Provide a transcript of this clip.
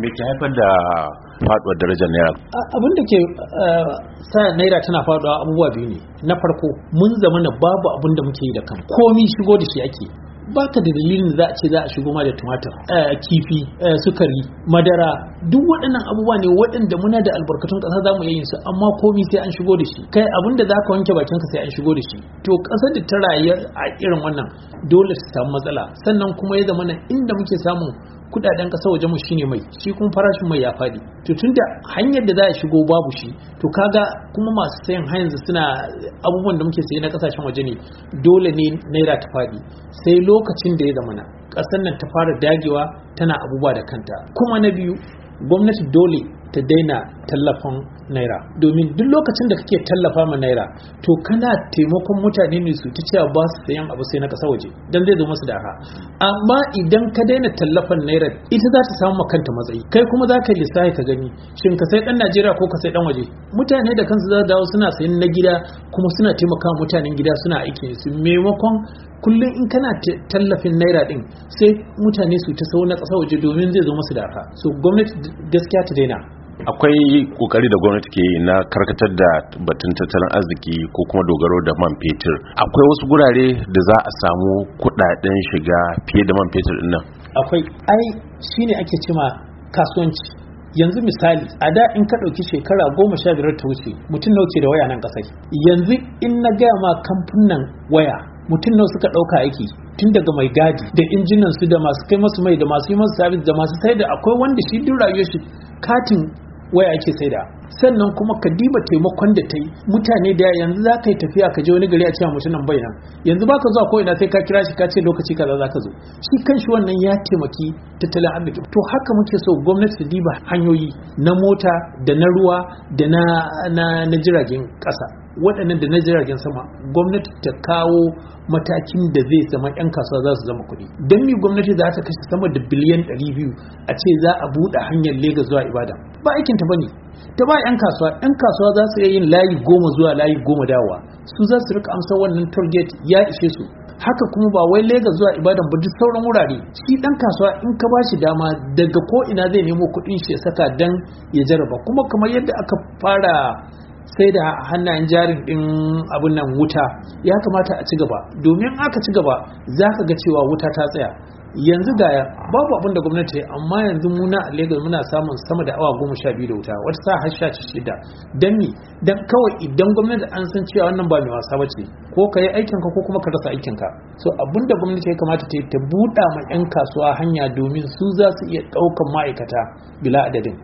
me ke haifar da faduwar darajar naira abin da ke eh, sa naira tana faduwa abubuwa biyu ne na farko mun zama na babu abin da muke yi da kan komi shigo da shi ake baka da dalilin za a ce za a shigo ma da tumatir eh, kifi eh, sukari madara duk waɗannan abubuwa ne waɗanda muna da albarkatun ƙasa za mu iya yin su amma komi sai an shigo da shi kai abin da za ka wanke bakin ka sai an shigo da shi to ƙasar da ta rayu a irin wannan dole su samu matsala sannan kuma ya zama inda muke samun kudaden kasa waje mu shine mai shi kuma farashin mai ya fadi to tunda hanyar da za a shigo babu shi to kaga kuma masu sayan har yanzu suna abubuwan da muke saye na kasashen waje ne dole ne naira ta fadi sai lokacin da ya zamana ƙasar nan ta fara dagewa tana abubuwa da kanta kuma na biyu gwamnati dole ta daina tallafin naira domin duk lokacin da kake tallafa ma naira to kana taimakon mutane ne su ta cewa ba su sayan abu sai na kasa waje dan zai zo musu da ha amma idan ka daina tallafan naira ita za ta samu kanta matsayi kai kuma za ka lissafi ka gani shin ka sai dan Najeriya ko ka sai dan waje mutane da kansu za su dawo suna sayan na gida kuma suna taimaka mutanen gida suna aiki su maimakon kullum in kana tallafin naira din sai mutane su ta sau na kasa waje domin zai zo musu da ha so gwamnati gaskiya ta daina akwai kokari da gwamnati ke na karkatar da batun tattalin arziki ko kuma dogaro da man fetur akwai wasu gurare da za a samu kudaden shiga fiye da man fetur din nan akwai ai shine ake cima kasuwanci yanzu misali a da in ka ɗauki shekara goma sha biyar ta wuce mutum nawa ke da waya nan kasai yanzu in na gaya ma kamfunan waya mutum nawa suka ɗauka aiki tun daga mai gadi da injinan su da masu kai masu mai da masu yi masu sabis da masu sai da akwai wanda shi duk rayuwar shi katin waya ake da sannan kuma ka diba taimakon da ta yi mutane da yanzu za ka yi tafiya ka je wani gari a cewa mutumin bai nan yanzu ba ka zuwa ko ina sai ka kira shi ka ce lokaci kaza za ka zo shi kanshi wannan ya taimaki tattalin arziki to haka muke so gwamnati su diba hanyoyi na mota da na ruwa da na na jiragen kasa waɗannan da na jiragen sama gwamnati ta kawo matakin da zai zama 'yan kasuwa za su zama kuɗi don mi gwamnati za ta kashe sama da biliyan 200 a ce za a buɗe hanyar Legas zuwa Ibadan ba aikinta ba ne ta ba 'yan kasuwa 'yan kasuwa za su iya yin layi goma zuwa layi goma dawa su za su rika amsa wannan target ya ishe su haka kuma ba wai Legas zuwa Ibadan ba duk sauran wurare shi dan kasuwa in ka ba shi dama daga ko ina zai nemo kuɗin shi ya saka dan ya jarraba kuma kamar yadda aka fara sai da hannayen jarin din abin nan wuta ya kamata a ci gaba domin aka ci gaba za ka ga cewa wuta ta tsaya yanzu ga babu abin da gwamnati amma yanzu muna a Lagos muna samun sama da awa goma sha biyu da wuta wata sa har sha shida dan ni dan kawai idan gwamnati an san cewa wannan ba mai wasa bace ko ka yi aikin ka ko kuma ka rasa aikin ka so abin da gwamnati ya kamata ta yi ta buɗa ma yan kasuwa hanya domin su za su iya ɗaukan ma'aikata bila adadin